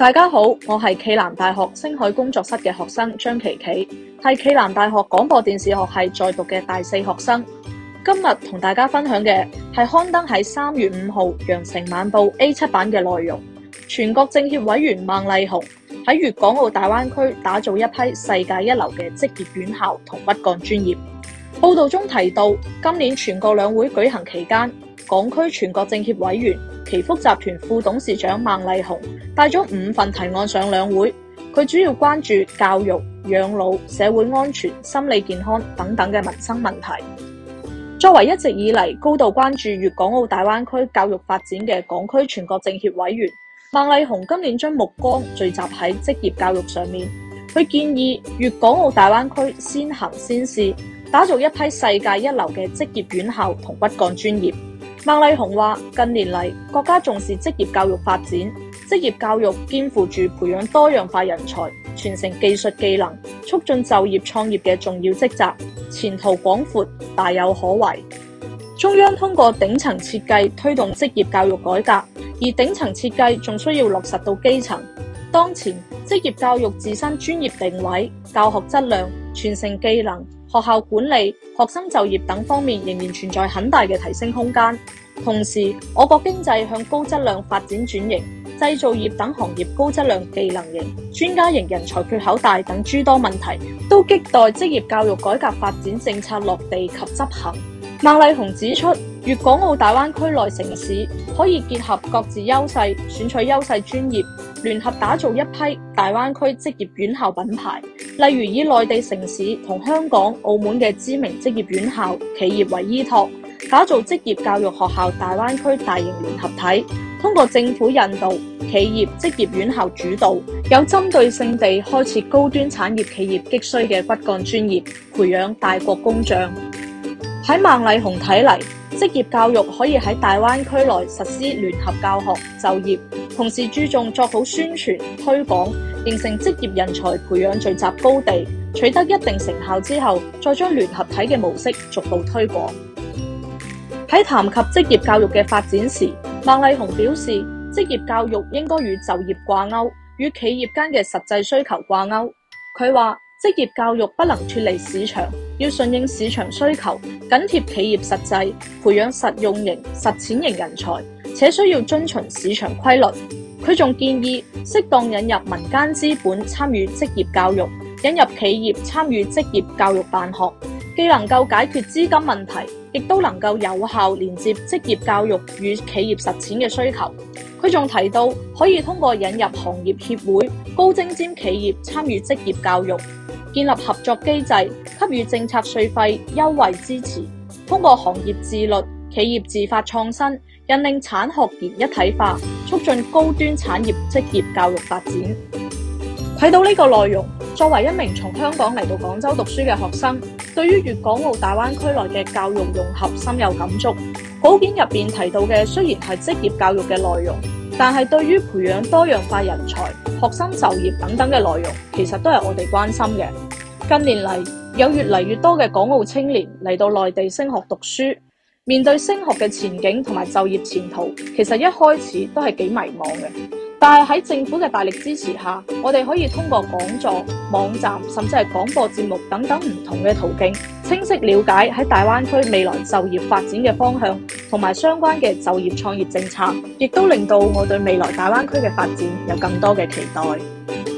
大家好，我係暨南大學聲海工作室嘅學生張琦琪，係暨南大學廣播電視學系在讀嘅大四學生。今日同大家分享嘅係刊登喺三月五號《羊城晚報》A 七版嘅內容。全國政協委員孟麗紅喺粵港澳大灣區打造一批世界一流嘅職業院校同骨幹專業。報道中提到，今年全國兩會舉行期間，港區全國政協委員。祈福集團副董事長孟麗紅帶咗五份提案上兩會，佢主要關注教育、養老、社會安全、心理健康等等嘅民生問題。作為一直以嚟高度關注粵港澳大灣區教育發展嘅港區全國政協委員，孟麗紅今年將目光聚集喺職業教育上面。佢建議粵港澳大灣區先行先試，打造一批世界一流嘅職業院校同骨幹專業。孟麗紅話：近年嚟，國家重視職業教育發展，職業教育肩負住培養多樣化人才、傳承技術技能、促進就業創業嘅重要職責，前途廣闊，大有可為。中央通過頂層設計推動職業教育改革，而頂層設計仲需要落實到基層。當前，職業教育自身專業定位、教學質量、傳承技能。學校管理、學生就業等方面仍然存在很大嘅提升空間。同時，我國經濟向高質量發展轉型，製造業等行業高質量技能型、專家型人才缺口大等諸多問題，都亟待職業教育改革發展政策落地及執行。孟麗紅指出，粵港澳大灣區內城市可以結合各自優勢，選取優勢專業，聯合打造一批大灣區職業院校品牌。例如以內地城市同香港、澳門嘅知名職業院校企業為依托，打造職業教育學校大灣區大型聯合體。通過政府引導、企業、職業院校主導，有針對性地開設高端產業企業急需嘅骨幹專業，培養大國工匠。喺孟麗紅睇嚟，職業教育可以喺大灣區內實施聯合教學、就業，同時注重做好宣傳推廣，形成職業人才培養聚集高地。取得一定成效之後，再將聯合體嘅模式逐步推廣。喺談及職業教育嘅發展時，孟麗紅表示，職業教育應該與就業掛鈎，與企業間嘅實際需求掛鈎。佢話，職業教育不能脫離市場。要順應市場需求，緊貼企業實際，培養實用型、實踐型人才，且需要遵循市場規律。佢仲建議適當引入民間資本參與職業教育，引入企業參與職業教育辦學，既能夠解決資金問題，亦都能夠有效連接職業教育與企業實踐嘅需求。佢仲提到，可以通過引入行業協會、高精尖企業參與職業教育。建立合作機制，給予政策稅費優惠支持；通過行業自律、企業自發創新，引領產學研一體化，促進高端產業職業教育發展。睇到呢個內容，作為一名從香港嚟到廣州讀書嘅學生，對於粵港澳大灣區內嘅教育融合深有感觸。稿件入面提到嘅，雖然係職業教育嘅內容。但係對於培養多樣化人才、學生就業等等嘅內容，其實都係我哋關心嘅。近年嚟有越嚟越多嘅港澳青年嚟到內地升學讀書，面對升學嘅前景同埋就業前途，其實一開始都係幾迷茫嘅。但係喺政府嘅大力支持下，我哋可以通過講座、網站，甚至係廣播節目等等唔同嘅途徑，清晰了解喺大灣區未來就業發展嘅方向。同埋相關嘅就業創業政策，亦都令到我對未來大灣區嘅發展有更多嘅期待。